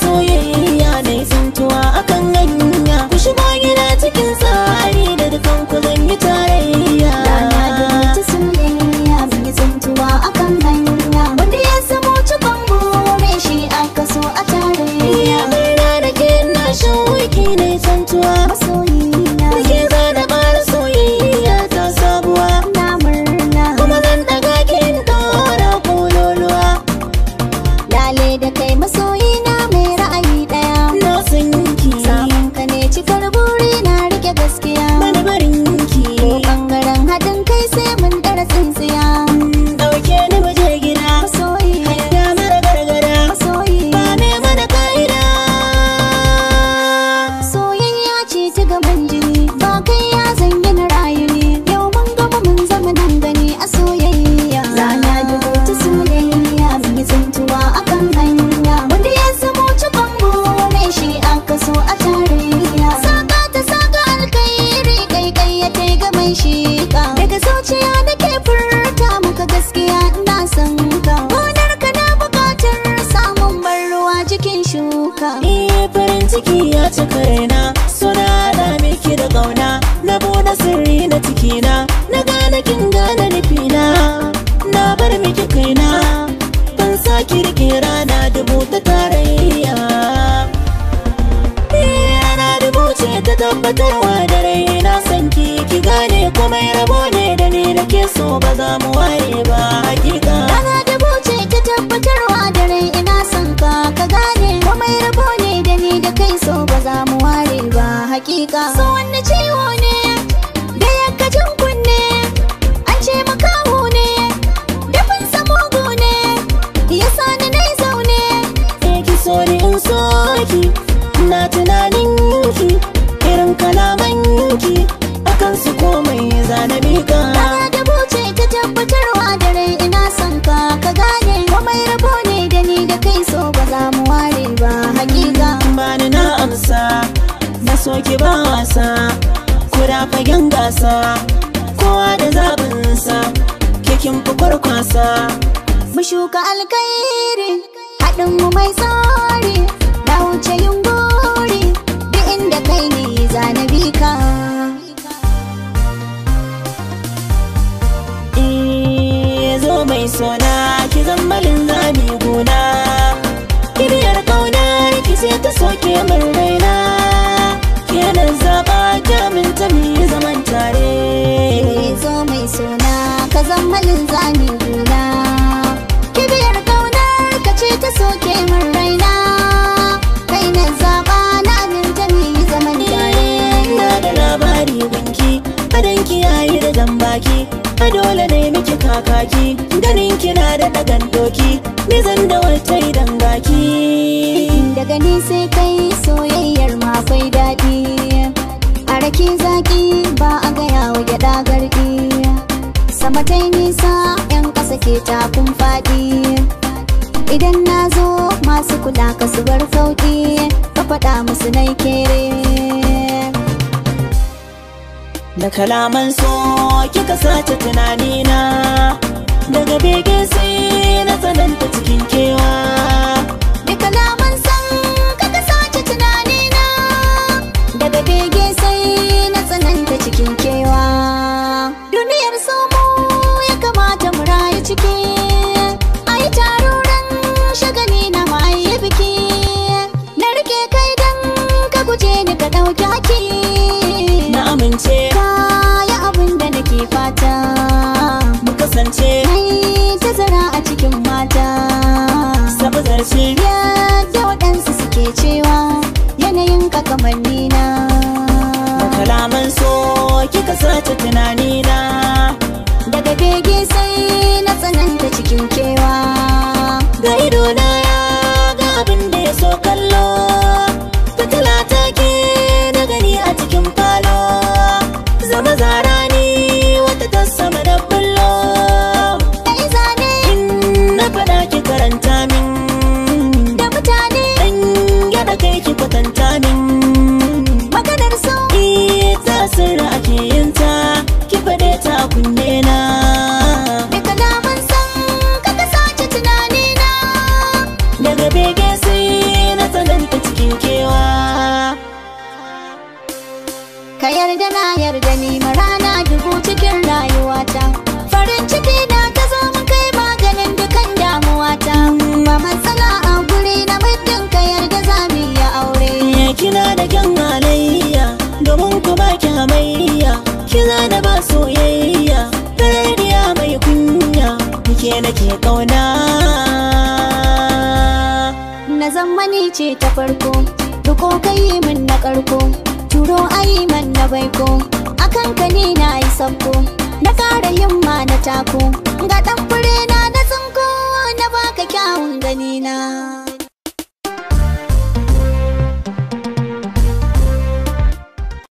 そう cikina na gane kin gane nufina na bar miki kaina ban saki rike rana dubu ta tarayya rana dubu ce ta wa da rai na san ki ki gane komai rabo ne da ni da ke so ba za mu ware ba hakika yana dubu ce ta wa da rai ina san ka ka gane komai rabo ne da ni da kai so ba za mu ware ba hakika su komai zana miƙa. Rana da buce ta tabbatarwa da rai ina son ka ka gane komai rabo ne da ni da kai so ba za mu ware ba hakika bani na amsa na soke ba wasa kuda fagen gasa kowa da zabinsa kikin fi kwarkwasa mu shuka alkairi haɗin mu mai sa mai sona ki zammalin zami gona kibiyar kaunar ki sai ta soke min raina kenan zaba jamin ta mi zaman tare zo mai sona ka zammalin zami gona kibiyar kaunar ka ce ta soke min raina kai zaba na aminta mi zaman tare na da labari gunki adan kiyaye da dambaki a dole ne miki kakaki da gandoki doki zan da wata idan baki daga ni sai kai soyayyar ma akwai daɗi a raki zaki ba a gaya wa gyaɗa garɗi sama ta nisa yan ƙasa ke takun faɗi idan na zo masu kula kasuwar su sauƙi ka faɗa musu nai kere da kalaman so kika sace tunani na, daga bege sai na tsananta cikin kewa da na yarda ni marana dubu cikin rayuwata farin ciki na ta zo mun kai maganin dukan damuwata ba matsala a guri na muddin ka yarda za mu yi aure kina da kyan halayya domin ku ba ki hamayya kina da ba soyayya tarariya mai kunya ke nake kauna na ce ta farko duk kai min na karko turo man na baiko akan ne na yi sabko na kara ma na taku, ga ɗan fure na na tsinko na baka kyawun gani na